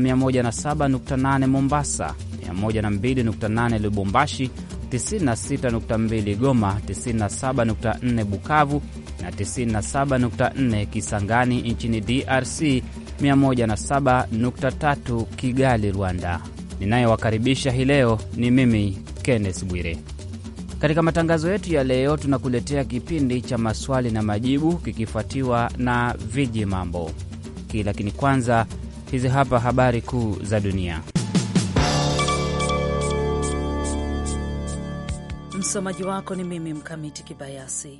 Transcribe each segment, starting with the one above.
na 107.8 Mombasa, 102.8 Lubumbashi, 96.2 Goma, 97.4 Bukavu na 97.4 Kisangani nchini DRC, 107.3 Kigali, Rwanda. Ninayewakaribisha hii leo ni mimi Kenneth Bwire. Katika matangazo yetu ya leo, tunakuletea kipindi cha maswali na majibu kikifuatiwa na viji mambo ki, lakini kwanza Hizi hapa habari kuu za dunia. Msomaji wako ni mimi Mkamiti Kibayasi.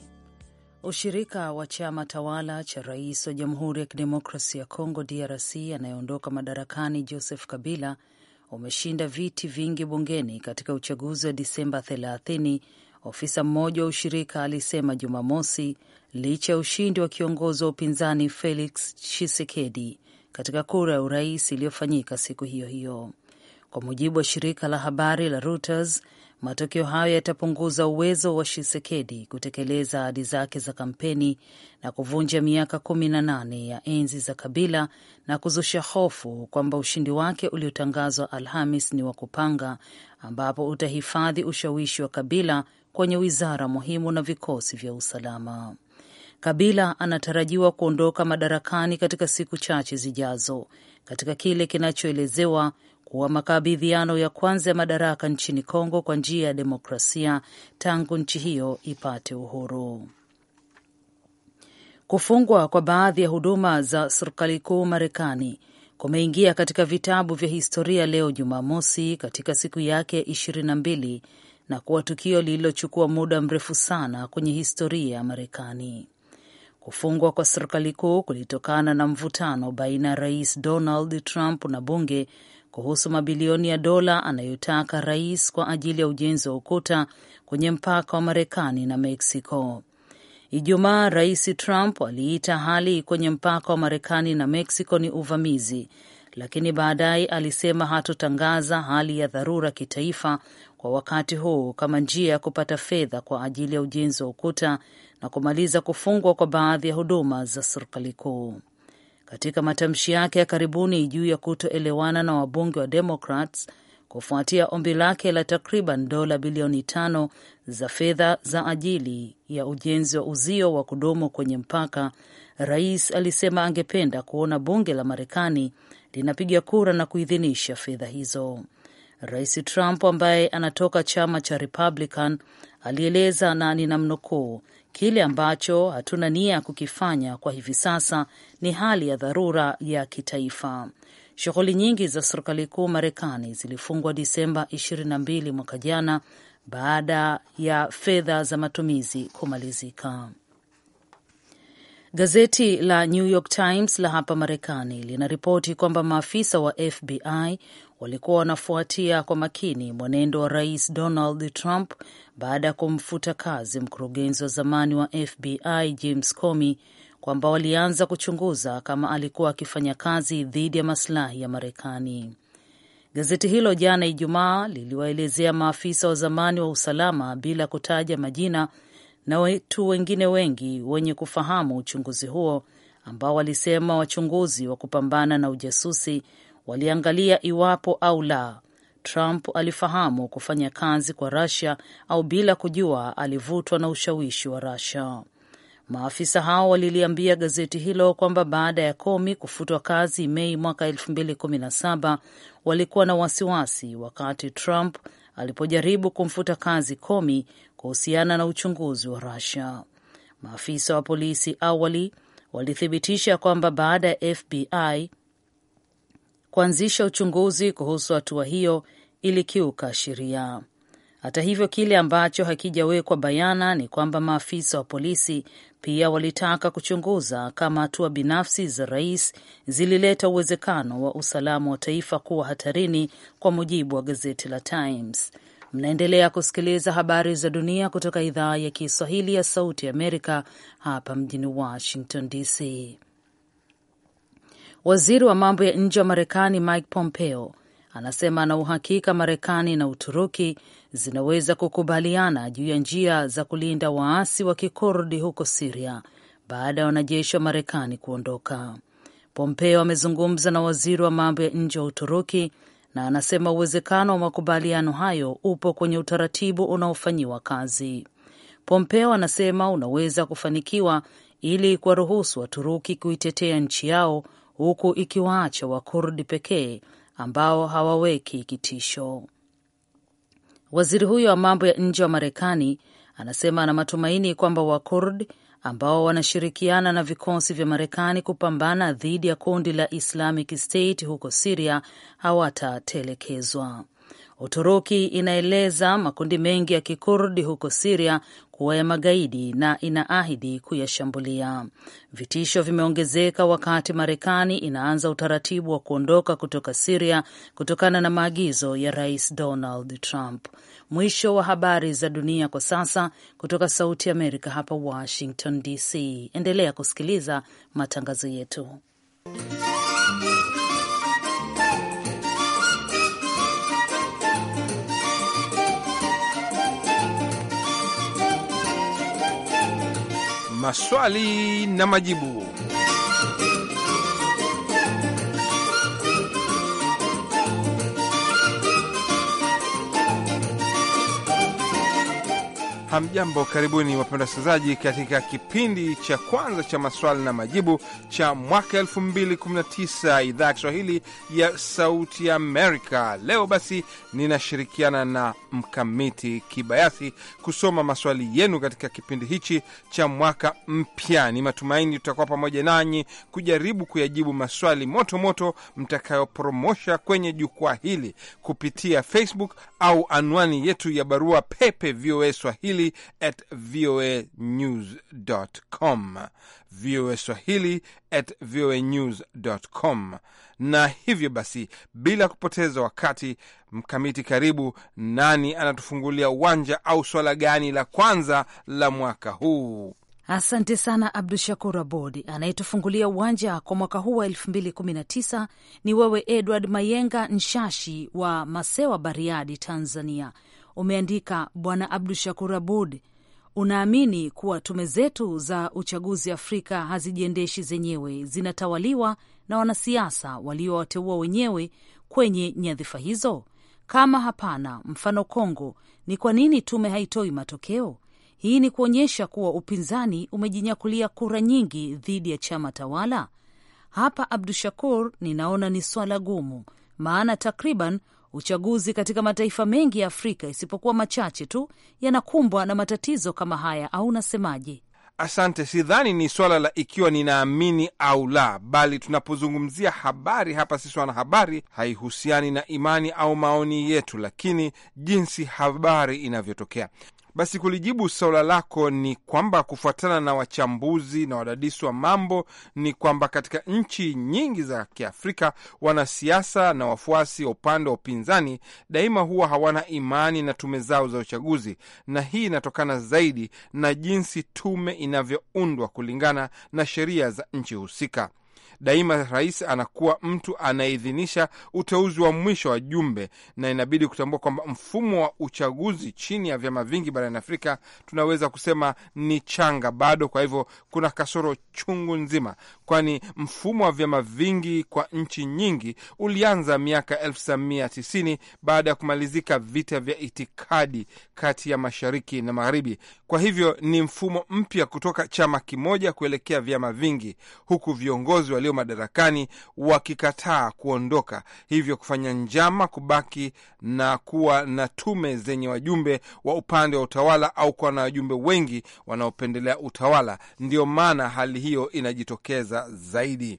Ushirika wa chama tawala cha rais wa Jamhuri ya Kidemokrasia ya Kongo DRC anayeondoka madarakani Joseph Kabila umeshinda viti vingi bungeni katika uchaguzi wa Disemba 30, ofisa mmoja wa ushirika alisema Jumamosi, licha ya ushindi wa kiongozi wa upinzani Felix Tshisekedi katika kura ya urais iliyofanyika siku hiyo hiyo. Kwa mujibu wa shirika la habari la Reuters, matokeo hayo yatapunguza uwezo wa Shisekedi kutekeleza ahadi zake za kampeni na kuvunja miaka kumi na nane ya enzi za Kabila na kuzusha hofu kwamba ushindi wake uliotangazwa Alhamis ni wa kupanga, ambapo utahifadhi ushawishi wa Kabila kwenye wizara muhimu na vikosi vya usalama. Kabila anatarajiwa kuondoka madarakani katika siku chache zijazo katika kile kinachoelezewa kuwa makabidhiano ya kwanza ya madaraka nchini Kongo kwa njia ya demokrasia tangu nchi hiyo ipate uhuru. Kufungwa kwa baadhi ya huduma za serikali kuu Marekani kumeingia katika vitabu vya historia leo Jumamosi, katika siku yake ya ishirini na mbili na kuwa tukio lililochukua muda mrefu sana kwenye historia ya Marekani. Kufungwa kwa serikali kuu kulitokana na mvutano baina ya Rais Donald Trump na bunge kuhusu mabilioni ya dola anayotaka rais kwa ajili ya ujenzi wa ukuta kwenye mpaka wa Marekani na Mexico. Ijumaa, Rais Trump aliita hali kwenye mpaka wa Marekani na Mexico ni uvamizi, lakini baadaye alisema hatotangaza hali ya dharura kitaifa kwa wakati huu kama njia ya kupata fedha kwa ajili ya ujenzi wa ukuta na kumaliza kufungwa kwa baadhi ya huduma za serikali kuu. Katika matamshi yake ya karibuni juu ya kutoelewana na wabunge wa Democrats kufuatia ombi lake la takriban dola bilioni tano za fedha za ajili ya ujenzi wa uzio wa kudumu kwenye mpaka, rais alisema angependa kuona bunge la Marekani linapiga kura na kuidhinisha fedha hizo. Rais Trump ambaye anatoka chama cha Republican alieleza, na ninamnukuu, Kile ambacho hatuna nia ya kukifanya kwa hivi sasa ni hali ya dharura ya kitaifa. Shughuli nyingi za serikali kuu Marekani zilifungwa Disemba 22 mwaka jana baada ya fedha za matumizi kumalizika. Gazeti la New York Times la hapa Marekani linaripoti kwamba maafisa wa FBI walikuwa wanafuatia kwa makini mwenendo wa Rais Donald Trump baada ya kumfuta kazi mkurugenzi wa zamani wa FBI James Comey kwamba walianza kuchunguza kama alikuwa akifanya kazi dhidi ya masilahi ya Marekani. Gazeti hilo jana Ijumaa liliwaelezea maafisa wa zamani wa usalama bila kutaja majina na watu wengine wengi wenye kufahamu uchunguzi huo ambao walisema wachunguzi wa kupambana na ujasusi waliangalia iwapo au la Trump alifahamu kufanya kazi kwa Russia au bila kujua alivutwa na ushawishi wa Russia. Maafisa hao waliliambia gazeti hilo kwamba baada ya komi kufutwa kazi Mei mwaka 2017 walikuwa na wasiwasi wakati Trump alipojaribu kumfuta kazi Komi kuhusiana na uchunguzi wa rusia Maafisa wa polisi awali walithibitisha kwamba baada ya FBI kuanzisha uchunguzi kuhusu hatua hiyo ilikiuka sheria. Hata hivyo, kile ambacho hakijawekwa bayana ni kwamba maafisa wa polisi pia walitaka kuchunguza kama hatua binafsi za rais zilileta uwezekano wa usalama wa taifa kuwa hatarini, kwa mujibu wa gazeti la Times. Mnaendelea kusikiliza habari za dunia kutoka idhaa ya Kiswahili ya Sauti Amerika hapa mjini Washington DC. Waziri wa mambo ya nje wa Marekani Mike Pompeo anasema ana uhakika Marekani na Uturuki zinaweza kukubaliana juu ya njia za kulinda waasi wa Kikurdi huko Siria baada ya wanajeshi wa Marekani kuondoka. Pompeo amezungumza na waziri wa mambo ya nje wa Uturuki na anasema uwezekano wa makubaliano hayo upo kwenye utaratibu unaofanyiwa kazi. Pompeo anasema unaweza kufanikiwa ili kuwaruhusu Waturuki kuitetea nchi yao huku ikiwaacha Wakurdi pekee ambao hawaweki kitisho. Waziri huyo wa mambo ya nje wa Marekani anasema ana matumaini kwamba Wakurdi ambao wanashirikiana na vikosi vya Marekani kupambana dhidi ya kundi la Islamic State huko Siria hawatatelekezwa. Uturuki inaeleza makundi mengi ya kikurdi huko Siria kuwa ya magaidi na inaahidi kuyashambulia. Vitisho vimeongezeka wakati Marekani inaanza utaratibu wa kuondoka kutoka Siria kutokana na maagizo ya Rais Donald Trump. Mwisho wa habari za dunia kwa sasa kutoka Sauti Amerika hapa Washington DC. Endelea kusikiliza matangazo yetu. Maswali na majibu. Hamjambo, karibuni wapenda wasikilizaji, katika kipindi cha kwanza cha maswali na majibu cha mwaka 2019 idhaa ya Kiswahili ya Sauti Amerika. Leo basi ninashirikiana na Mkamiti Kibayasi kusoma maswali yenu katika kipindi hichi cha mwaka mpya. Ni matumaini tutakuwa pamoja nanyi kujaribu kuyajibu maswali motomoto moto mtakayopromosha kwenye jukwaa hili kupitia Facebook au anwani yetu ya barua pepe VOA Swahili swahili at voa news com, voa swahili at voa news com. Na hivyo basi, bila kupoteza wakati, Mkamiti, karibu. Nani anatufungulia uwanja au swala gani la kwanza la mwaka huu? Asante sana Abdu Shakur Abod. Anayetufungulia uwanja kwa mwaka huu wa 219 ni wewe Edward Mayenga Nshashi wa Masewa, Bariadi, Tanzania umeandika Bwana Abdu Shakur Abud, unaamini kuwa tume zetu za uchaguzi Afrika hazijiendeshi zenyewe, zinatawaliwa na wanasiasa waliowateua wenyewe kwenye nyadhifa hizo? Kama hapana, mfano Kongo, ni kwa nini tume haitoi matokeo? Hii ni kuonyesha kuwa upinzani umejinyakulia kura nyingi dhidi ya chama tawala. Hapa Abdu Shakur, ninaona ni swala gumu, maana takriban Uchaguzi katika mataifa mengi ya Afrika isipokuwa machache tu yanakumbwa na matatizo kama haya, au unasemaje? Asante. Sidhani ni swala la ikiwa ninaamini au la, bali tunapozungumzia habari hapa, sisi wanahabari, haihusiani na imani au maoni yetu, lakini jinsi habari inavyotokea. Basi kulijibu suala lako ni kwamba kufuatana na wachambuzi na wadadisi wa mambo ni kwamba katika nchi nyingi za Kiafrika wanasiasa na wafuasi wa upande wa upinzani daima huwa hawana imani na tume zao za uchaguzi, na hii inatokana zaidi na jinsi tume inavyoundwa kulingana na sheria za nchi husika. Daima rais anakuwa mtu anayeidhinisha uteuzi wa mwisho wa jumbe, na inabidi kutambua kwamba mfumo wa uchaguzi chini ya vyama vingi barani Afrika tunaweza kusema ni changa bado. Kwa hivyo kuna kasoro chungu nzima, kwani mfumo wa vyama vingi kwa nchi nyingi ulianza miaka 1990 baada ya kumalizika vita vya itikadi kati ya mashariki na magharibi. Kwa hivyo ni mfumo mpya kutoka chama kimoja kuelekea vyama vingi, huku viongozi walio madarakani wakikataa kuondoka, hivyo kufanya njama kubaki na kuwa na tume zenye wajumbe wa upande wa utawala au kuwa na wajumbe wengi wanaopendelea utawala. Ndiyo maana hali hiyo inajitokeza zaidi.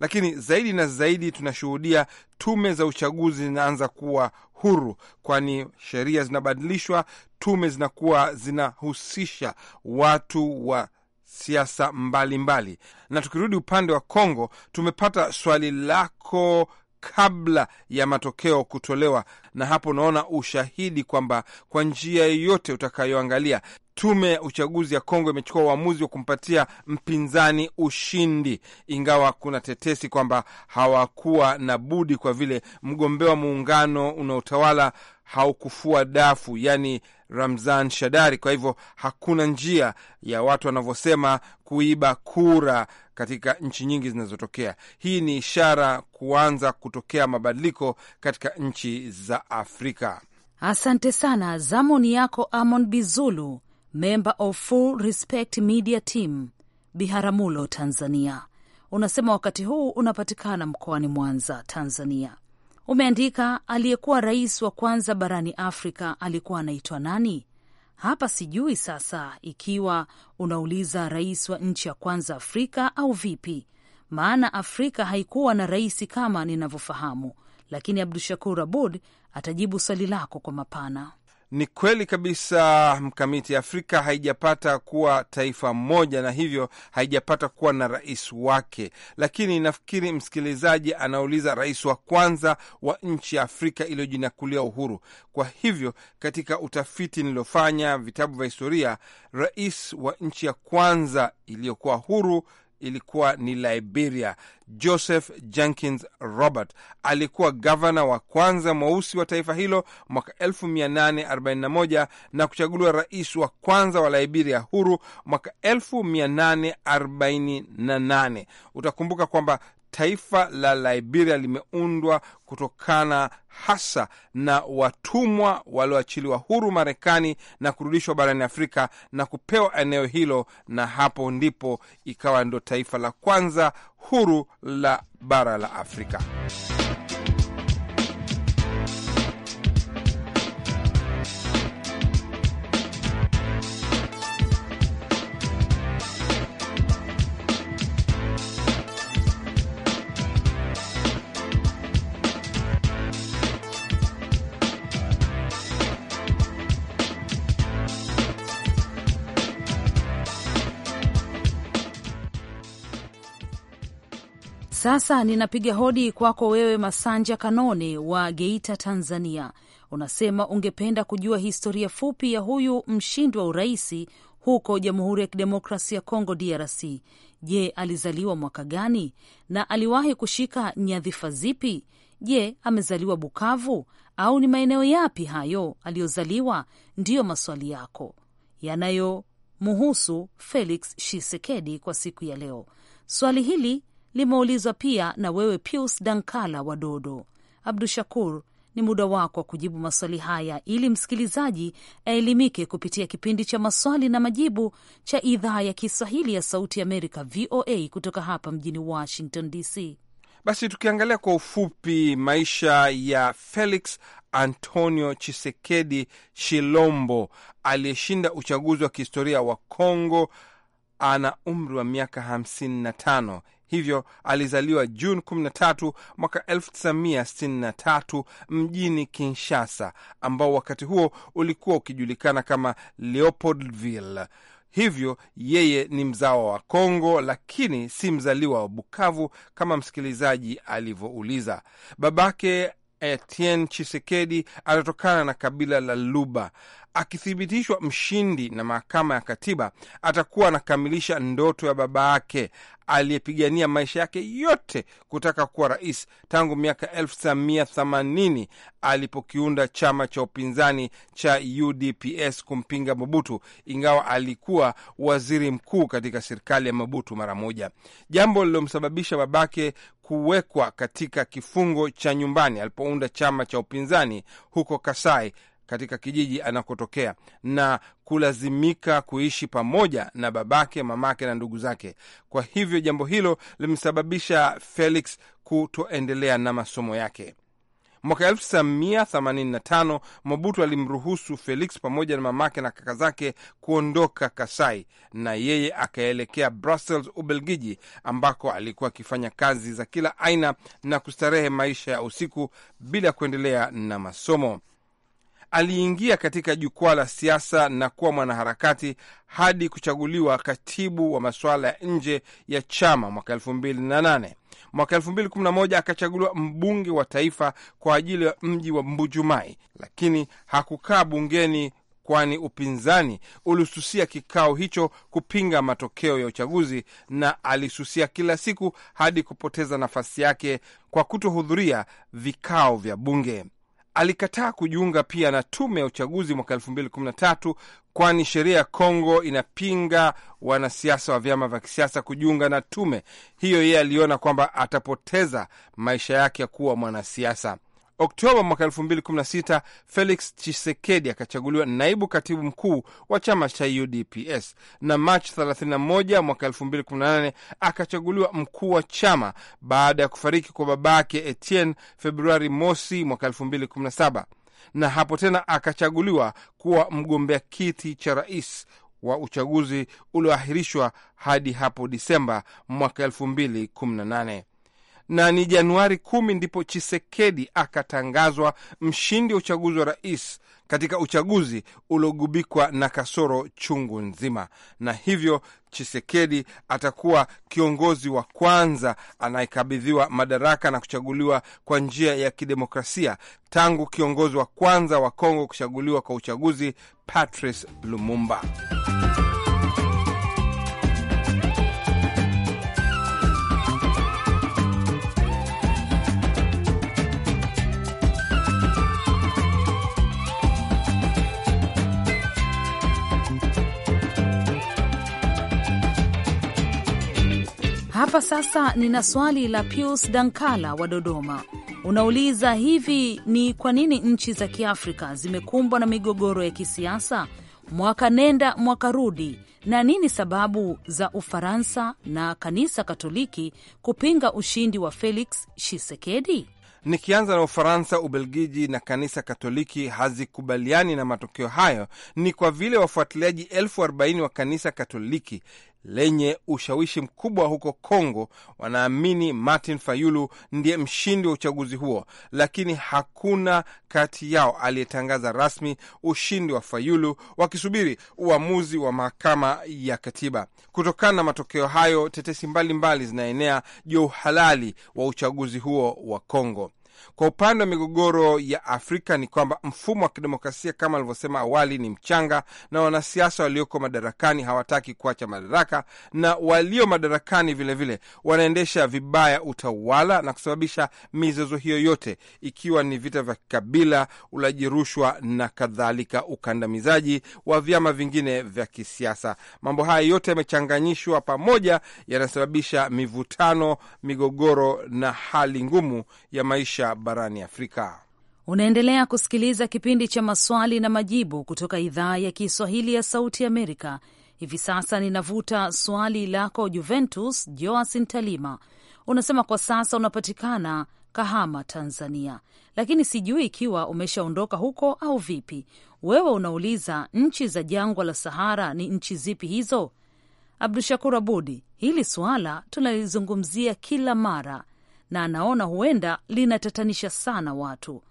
Lakini zaidi na zaidi tunashuhudia tume za uchaguzi zinaanza kuwa huru, kwani sheria zinabadilishwa, tume zinakuwa zinahusisha watu wa siasa mbalimbali. Na tukirudi upande wa Kongo, tumepata swali lako kabla ya matokeo kutolewa, na hapo unaona ushahidi kwamba kwa njia yoyote utakayoangalia Tume ya uchaguzi ya Kongo imechukua uamuzi wa kumpatia mpinzani ushindi, ingawa kuna tetesi kwamba hawakuwa na budi kwa vile mgombea wa muungano unaotawala haukufua dafu, yaani Ramzan Shadari. Kwa hivyo hakuna njia ya watu wanavyosema kuiba kura katika nchi nyingi zinazotokea. Hii ni ishara kuanza kutokea mabadiliko katika nchi za Afrika. Asante sana, zamoni yako Amon Bizulu member of Full Respect Media Team, Biharamulo, Tanzania, unasema wakati huu unapatikana mkoani Mwanza, Tanzania. Umeandika, aliyekuwa rais wa kwanza barani Afrika alikuwa anaitwa nani? Hapa sijui sasa ikiwa unauliza rais wa nchi ya kwanza Afrika au vipi, maana Afrika haikuwa na rais kama ninavyofahamu, lakini Abdu Shakur Abud atajibu swali lako kwa mapana. Ni kweli kabisa mkamiti, Afrika haijapata kuwa taifa moja na hivyo haijapata kuwa na rais wake, lakini nafikiri msikilizaji anauliza rais wa kwanza wa nchi ya Afrika iliyojinakulia uhuru. Kwa hivyo katika utafiti niliofanya vitabu vya historia, rais wa nchi ya kwanza iliyokuwa huru ilikuwa ni Liberia. Joseph Jenkins Robert alikuwa gavana wa kwanza mweusi wa taifa hilo mwaka 1841 na kuchaguliwa rais wa kwanza wa Liberia huru mwaka 1848. Utakumbuka kwamba taifa la Liberia limeundwa kutokana hasa na watumwa walioachiliwa huru Marekani na kurudishwa barani Afrika na kupewa eneo hilo, na hapo ndipo ikawa ndio taifa la kwanza huru la bara la Afrika. Sasa ninapiga hodi kwako wewe Masanja Kanone wa Geita, Tanzania. Unasema ungependa kujua historia fupi ya huyu mshindi wa uraisi huko Jamhuri ya Kidemokrasia ya Kongo, DRC. Je, alizaliwa mwaka gani na aliwahi kushika nyadhifa zipi? Je, amezaliwa Bukavu au ni maeneo yapi hayo aliyozaliwa? Ndiyo maswali yako yanayomuhusu Felix Shisekedi kwa siku ya leo. Swali hili limeulizwa pia na wewe Pius Dankala wa Dodo. Abdu Shakur, ni muda wako wa kujibu maswali haya ili msikilizaji aelimike kupitia kipindi cha maswali na majibu cha idhaa ya Kiswahili ya Sauti ya Amerika, VOA, kutoka hapa mjini Washington DC. Basi tukiangalia kwa ufupi maisha ya Felix Antonio Chisekedi Chilombo aliyeshinda uchaguzi wa kihistoria wa Kongo, ana umri wa miaka 55 hivyo alizaliwa Juni 13 mwaka 1963 mjini Kinshasa, ambao wakati huo ulikuwa ukijulikana kama Leopoldville. Hivyo yeye ni mzawa wa Kongo, lakini si mzaliwa wa Bukavu kama msikilizaji alivyouliza. Babake Etienne Chisekedi anatokana na kabila la Luba akithibitishwa mshindi na mahakama ya katiba, atakuwa anakamilisha ndoto ya baba yake aliyepigania maisha yake yote kutaka kuwa rais tangu miaka 1980 alipokiunda chama cha upinzani cha UDPS kumpinga Mobutu, ingawa alikuwa waziri mkuu katika serikali ya Mobutu mara moja, jambo lililomsababisha babake kuwekwa katika kifungo cha nyumbani alipounda chama cha upinzani huko Kasai katika kijiji anakotokea na kulazimika kuishi pamoja na babake, mamake na ndugu zake. Kwa hivyo jambo hilo limesababisha Felix kutoendelea na masomo yake. Mwaka 1985 Mobutu alimruhusu Felix pamoja na mamake na kaka zake kuondoka Kasai, na yeye akaelekea Brussels, Ubelgiji, ambako alikuwa akifanya kazi za kila aina na kustarehe maisha ya usiku bila kuendelea na masomo aliingia katika jukwaa la siasa na kuwa mwanaharakati hadi kuchaguliwa katibu wa masuala ya nje ya chama mwaka nane. Mwaka moja akachaguliwa mbunge wa taifa kwa ajili ya mji wa Mbujumai, lakini hakukaa bungeni kwani upinzani ulisusia kikao hicho kupinga matokeo ya uchaguzi, na alisusia kila siku hadi kupoteza nafasi yake kwa kutohudhuria vikao vya bunge. Alikataa kujiunga pia na tume ya uchaguzi mwaka elfu mbili kumi na tatu kwani sheria ya Kongo inapinga wanasiasa wa vyama vya kisiasa kujiunga na tume hiyo. Yeye aliona kwamba atapoteza maisha yake ya kuwa mwanasiasa. Oktoba mwaka 2016 Felix Chisekedi akachaguliwa naibu katibu mkuu wa chama cha UDPS na Machi 31 mwaka 2018 akachaguliwa mkuu wa chama baada ya kufariki kwa babake Etienne Februari mosi mwaka 2017 na hapo tena akachaguliwa kuwa mgombea kiti cha rais wa uchaguzi ulioahirishwa hadi hapo Disemba mwaka 2018 na ni Januari kumi ndipo Chisekedi akatangazwa mshindi wa uchaguzi wa rais katika uchaguzi uliogubikwa na kasoro chungu nzima, na hivyo Chisekedi atakuwa kiongozi wa kwanza anayekabidhiwa madaraka na kuchaguliwa kwa njia ya kidemokrasia tangu kiongozi wa kwanza wa Kongo kuchaguliwa kwa uchaguzi Patrice Lumumba. Hapa sasa nina swali la Pius Dankala wa Dodoma. Unauliza hivi, ni kwa nini nchi za Kiafrika zimekumbwa na migogoro ya kisiasa mwaka nenda mwaka rudi, na nini sababu za Ufaransa na kanisa Katoliki kupinga ushindi wa Felix Tshisekedi? Nikianza na Ufaransa, Ubelgiji na kanisa Katoliki hazikubaliani na matokeo hayo. Ni kwa vile wafuatiliaji elfu arobaini wa kanisa Katoliki lenye ushawishi mkubwa huko Kongo wanaamini Martin Fayulu ndiye mshindi wa uchaguzi huo, lakini hakuna kati yao aliyetangaza rasmi ushindi wa Fayulu, wakisubiri uamuzi wa mahakama ya katiba. Kutokana na matokeo hayo, tetesi mbalimbali mbali zinaenea juu ya uhalali wa uchaguzi huo wa Kongo. Kwa upande wa migogoro ya Afrika ni kwamba mfumo wa kidemokrasia kama alivyosema awali ni mchanga, na wanasiasa walioko madarakani hawataki kuacha madaraka, na walio madarakani vilevile vile wanaendesha vibaya utawala na kusababisha mizozo hiyo yote, ikiwa ni vita vya kikabila, ulaji rushwa na kadhalika, ukandamizaji wa vyama vingine vya kisiasa. Mambo haya yote yamechanganyishwa pamoja, yanasababisha mivutano, migogoro na hali ngumu ya maisha barani Afrika. Unaendelea kusikiliza kipindi cha maswali na majibu kutoka idhaa ya Kiswahili ya Sauti Amerika. Hivi sasa ninavuta swali lako Juventus Joasin Talima. Unasema kwa sasa unapatikana Kahama, Tanzania, lakini sijui ikiwa umeshaondoka huko au vipi. Wewe unauliza nchi za jangwa la Sahara ni nchi zipi hizo? Abdu Shakur Abudi, hili suala tunalizungumzia kila mara na anaona huenda linatatanisha sana watu.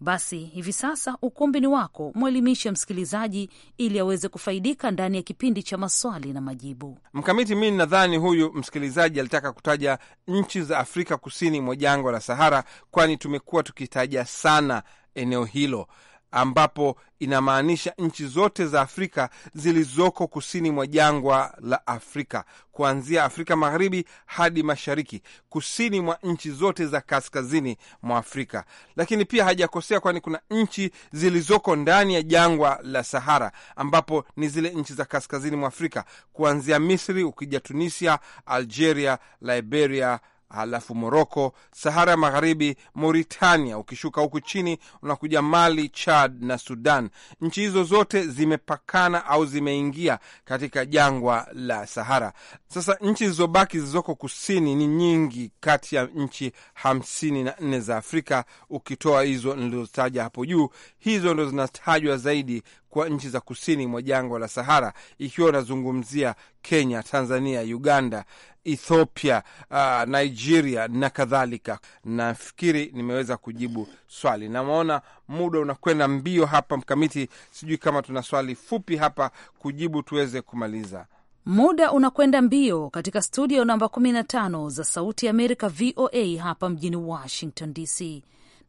Basi hivi sasa ukumbi ni wako, mwelimishe msikilizaji ili aweze kufaidika ndani ya kipindi cha maswali na majibu. Mkamiti, mi nadhani huyu msikilizaji alitaka kutaja nchi za Afrika kusini mwa jangwa la Sahara, kwani tumekuwa tukitaja sana eneo hilo ambapo inamaanisha nchi zote za Afrika zilizoko kusini mwa jangwa la Afrika, kuanzia Afrika magharibi hadi mashariki, kusini mwa nchi zote za kaskazini mwa Afrika. Lakini pia hajakosea, kwani kuna nchi zilizoko ndani ya jangwa la Sahara, ambapo ni zile nchi za kaskazini mwa Afrika, kuanzia Misri ukija Tunisia, Algeria, Liberia, halafu Moroko, Sahara ya Magharibi, Mauritania, ukishuka huku chini unakuja Mali, Chad na Sudan. Nchi hizo zote zimepakana au zimeingia katika jangwa la Sahara. Sasa nchi zilizobaki zilizoko kusini ni nyingi, kati ya nchi hamsini na nne za Afrika ukitoa hizo nilizotaja hapo juu, hizo ndo zinatajwa zaidi kwa nchi za kusini mwa jangwa la Sahara, ikiwa unazungumzia Kenya, Tanzania, Uganda, Ethiopia, uh, Nigeria na kadhalika. Nafikiri nimeweza kujibu swali. Namwona muda unakwenda mbio hapa, Mkamiti, sijui kama tuna swali fupi hapa kujibu tuweze kumaliza. Muda unakwenda mbio katika studio namba 15 za Sauti ya Amerika, VOA hapa mjini Washington DC.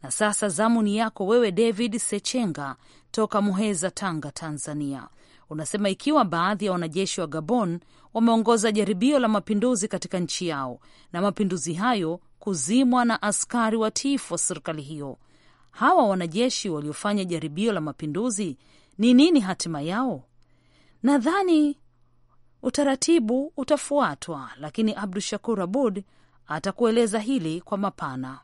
Na sasa zamu ni yako wewe, David Sechenga toka Muheza, Tanga, Tanzania. Unasema ikiwa baadhi ya wanajeshi wa Gabon wameongoza jaribio la mapinduzi katika nchi yao na mapinduzi hayo kuzimwa na askari watiifu wa serikali hiyo, hawa wanajeshi waliofanya jaribio la mapinduzi ni nini hatima yao? Nadhani utaratibu utafuatwa, lakini Abdu Shakur Abud atakueleza hili kwa mapana.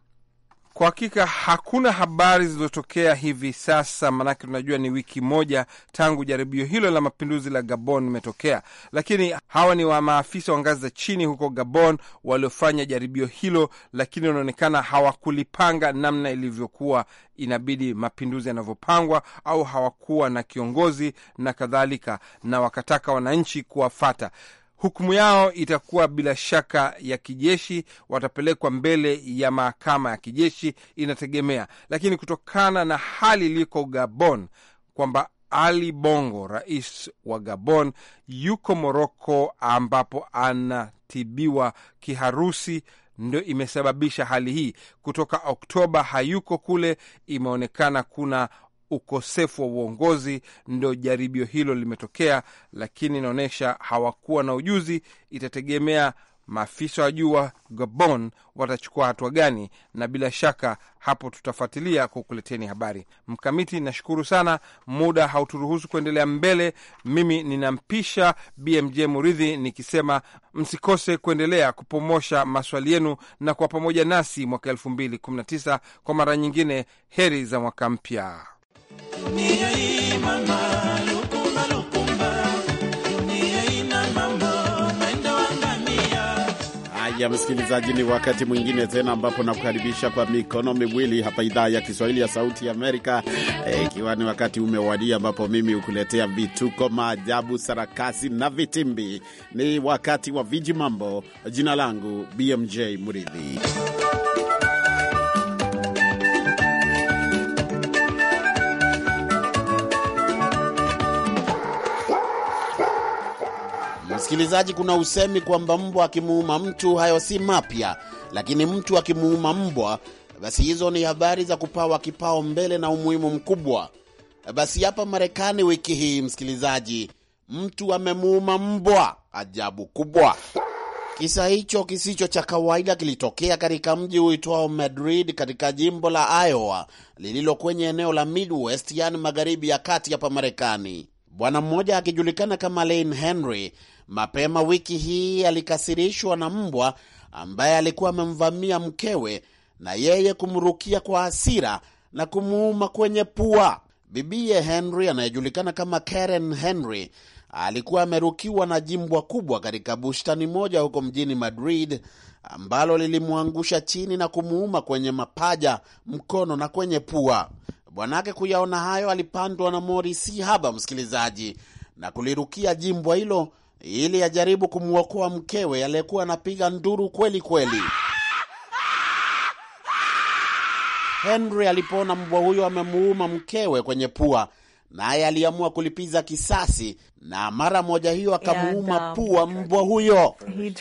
Kwa hakika hakuna habari zilizotokea hivi sasa, maanake tunajua ni wiki moja tangu jaribio hilo la mapinduzi la Gabon limetokea, lakini hawa ni wa maafisa wa ngazi za chini huko Gabon waliofanya jaribio hilo, lakini wanaonekana hawakulipanga namna ilivyokuwa inabidi mapinduzi yanavyopangwa, au hawakuwa na kiongozi na kadhalika, na wakataka wananchi kuwafata. Hukumu yao itakuwa bila shaka ya kijeshi, watapelekwa mbele ya mahakama ya kijeshi, inategemea. Lakini kutokana na hali iliyoko Gabon, kwamba Ali Bongo, rais wa Gabon, yuko Moroko ambapo anatibiwa kiharusi ndio imesababisha hali hii. Kutoka Oktoba hayuko kule, imeonekana kuna ukosefu wa uongozi ndo jaribio hilo limetokea, lakini inaonyesha hawakuwa na ujuzi. Itategemea maafisa wa juu wa Gabon watachukua hatua gani, na bila shaka hapo tutafuatilia kukuleteni habari. Mkamiti, nashukuru sana, muda hauturuhusu kuendelea mbele. Mimi ninampisha BMJ Muridhi nikisema msikose kuendelea kupomosha maswali yenu na kwa pamoja nasi mwaka 219 kwa mara nyingine. Heri za mwaka mpya. Haya, msikilizaji, ni wakati mwingine tena ambapo nakukaribisha kwa mikono miwili hapa idhaa ya Kiswahili ya Sauti ya Amerika, eh, ikiwa e, ni wakati umewadia ambapo mimi hukuletea vituko, maajabu, sarakasi na vitimbi. Ni wakati wa viji mambo. Jina langu BMJ Muridhi. Msikilizaji, kuna usemi kwamba mbwa akimuuma mtu hayo si mapya, lakini mtu akimuuma mbwa, basi hizo ni habari za kupawa kipao mbele na umuhimu mkubwa. Basi hapa Marekani wiki hii, msikilizaji, mtu amemuuma mbwa, ajabu kubwa. Kisa hicho kisicho cha kawaida kilitokea katika mji uitwao Madrid katika jimbo la Iowa lililo kwenye eneo la Midwest, yaani magharibi ya kati hapa Marekani. Bwana mmoja akijulikana kama Lane Henry mapema wiki hii alikasirishwa na mbwa ambaye alikuwa amemvamia mkewe na yeye kumrukia kwa hasira na kumuuma kwenye pua. Bibiye Henry anayejulikana kama Karen Henry alikuwa amerukiwa na jimbwa kubwa katika bustani moja huko mjini Madrid ambalo lilimwangusha chini na kumuuma kwenye mapaja, mkono na kwenye pua. Bwanake kuyaona hayo alipandwa na mori si haba, msikilizaji, na kulirukia jimbwa hilo ili ajaribu kumwokoa mkewe aliyekuwa anapiga nduru kweli kweli. Henry alipoona mbwa huyo amemuuma mkewe kwenye pua, naye aliamua kulipiza kisasi, na mara moja hiyo akamuuma um, pua mbwa huyo. He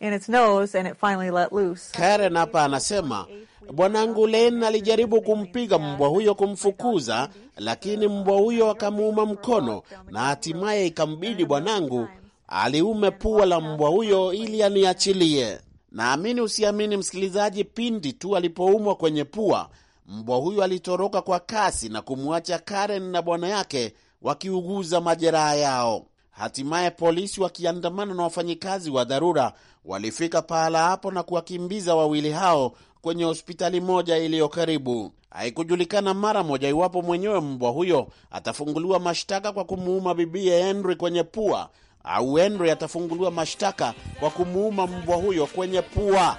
in its nose and it finally let loose. Karen hapa anasema bwanangu Len alijaribu kumpiga mbwa huyo kumfukuza, lakini mbwa huyo akamuuma mkono na hatimaye ikambidi bwanangu aliume pua la mbwa huyo ili aniachilie. Naamini usiamini, msikilizaji, pindi tu alipoumwa kwenye pua, mbwa huyo alitoroka kwa kasi na kumwacha Karen na bwana yake wakiuguza majeraha yao. Hatimaye polisi wakiandamana na wafanyikazi wa dharura walifika pahala hapo na kuwakimbiza wawili hao kwenye hospitali moja iliyo karibu. Haikujulikana mara moja iwapo mwenyewe mbwa huyo atafunguliwa mashtaka kwa kumuuma bibiye Henry kwenye pua au Henry atafunguliwa mashtaka kwa kumuuma mbwa huyo kwenye pua.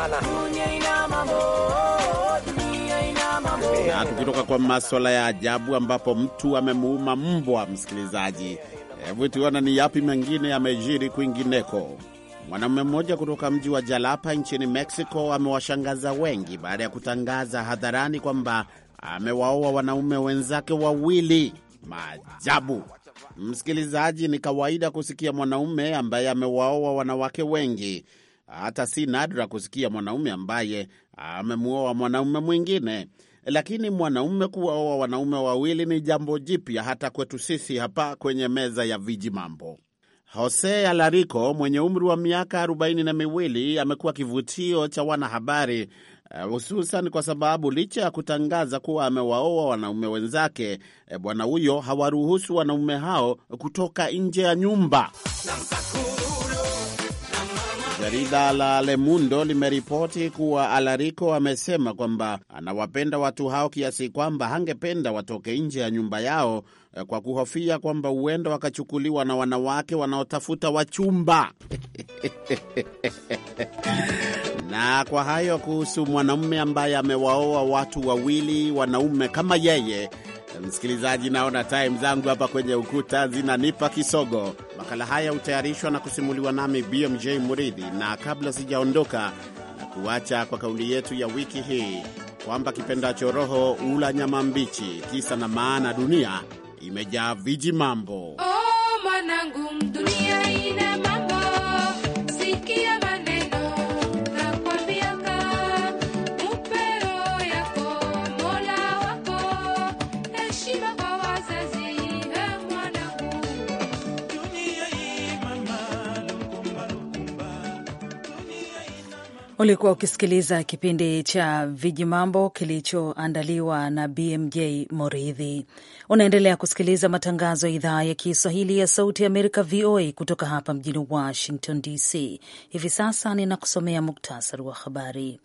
sana. Na tukitoka kwa maswala ya ajabu, ambapo mtu amemuuma mbwa, msikilizaji, hebu tuona ni yapi mengine yamejiri kwingineko. Mwanamume mmoja kutoka mji wa Jalapa nchini Mexico amewashangaza wengi baada ya kutangaza hadharani kwamba amewaoa wanaume wenzake wawili. Maajabu! Msikilizaji, ni kawaida kusikia mwanaume ambaye amewaoa wanawake wengi, hata si nadra kusikia mwanaume ambaye amemwoa mwanaume mwingine, lakini mwanaume kuwaoa wanaume wawili ni jambo jipya hata kwetu sisi hapa kwenye meza ya viji mambo. Jose Alariko mwenye umri wa miaka arobaini na miwili amekuwa kivutio cha wanahabari eh, hususan kwa sababu licha ya kutangaza kuwa amewaoa wanaume wenzake eh, bwana huyo hawaruhusu wanaume hao kutoka nje ya nyumba Jarida la Le Mundo limeripoti kuwa Alariko amesema kwamba anawapenda watu hao kiasi kwamba hangependa watoke nje ya nyumba yao eh, kwa kuhofia kwamba huenda wakachukuliwa na wanawake wanaotafuta wachumba. Na kwa hayo kuhusu mwanaume ambaye amewaoa watu wawili wanaume kama yeye, msikilizaji, naona time zangu hapa kwenye ukuta zinanipa kisogo. Makala haya hutayarishwa na kusimuliwa nami BMJ Muridhi, na kabla sijaondoka na kuacha kwa kauli yetu ya wiki hii kwamba kipendacho roho ula nyama mbichi. Kisa na maana, dunia imejaa viji mambo. Ulikuwa ukisikiliza kipindi cha Vijimambo kilichoandaliwa na BMJ Moridhi. Unaendelea kusikiliza matangazo ya idhaa ya Kiswahili ya Sauti ya Amerika, VOA, kutoka hapa mjini Washington DC. Hivi sasa ninakusomea muktasari wa habari.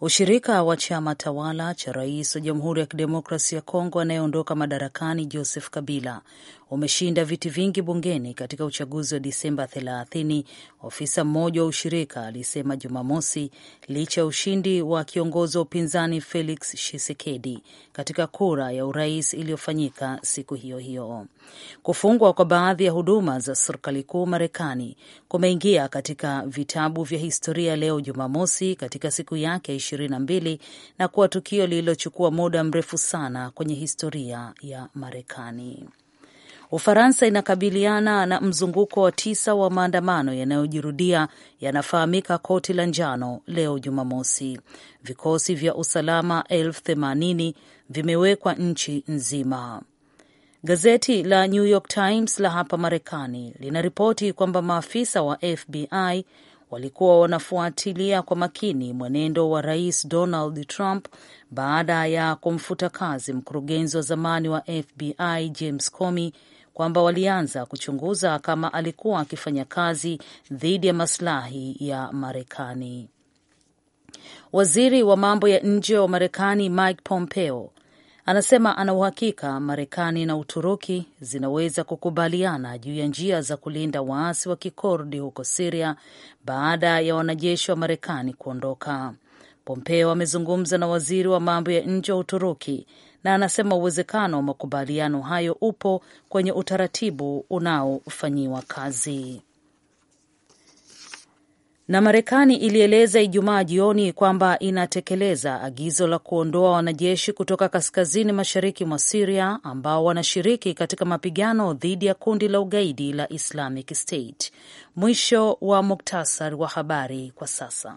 Ushirika wa chama tawala cha rais wa Jamhuri ya kidemokrasi ya Kongo anayeondoka madarakani Joseph Kabila umeshinda viti vingi bungeni katika uchaguzi wa Disemba 30, ofisa mmoja wa ushirika alisema Jumamosi, licha ya ushindi wa kiongozi wa upinzani Felix Tshisekedi katika kura ya urais iliyofanyika siku hiyo hiyo. Kufungwa kwa baadhi ya huduma za serikali kuu Marekani kumeingia katika vitabu vya historia leo Jumamosi, katika siku yake ya mbili na kuwa tukio lililochukua muda mrefu sana kwenye historia ya Marekani. Ufaransa inakabiliana na mzunguko wa tisa wa maandamano yanayojirudia yanafahamika koti la njano leo Jumamosi. Vikosi vya usalama elfu themanini vimewekwa nchi nzima. Gazeti la New York Times la hapa Marekani linaripoti kwamba maafisa wa FBI walikuwa wanafuatilia kwa makini mwenendo wa Rais Donald Trump baada ya kumfuta kazi mkurugenzi wa zamani wa FBI James Comey kwamba walianza kuchunguza kama alikuwa akifanya kazi dhidi ya masilahi ya Marekani. Waziri wa mambo ya nje wa Marekani Mike Pompeo anasema ana uhakika Marekani na Uturuki zinaweza kukubaliana juu ya njia za kulinda waasi wa kikordi huko Siria baada ya wanajeshi wa Marekani kuondoka. Pompeo amezungumza na waziri wa mambo ya nje wa Uturuki na anasema uwezekano wa makubaliano hayo upo kwenye utaratibu unaofanyiwa kazi. Na Marekani ilieleza Ijumaa jioni kwamba inatekeleza agizo la kuondoa wanajeshi kutoka kaskazini mashariki mwa Siria ambao wanashiriki katika mapigano dhidi ya kundi la ugaidi la Islamic State. Mwisho wa muktasari wa habari kwa sasa.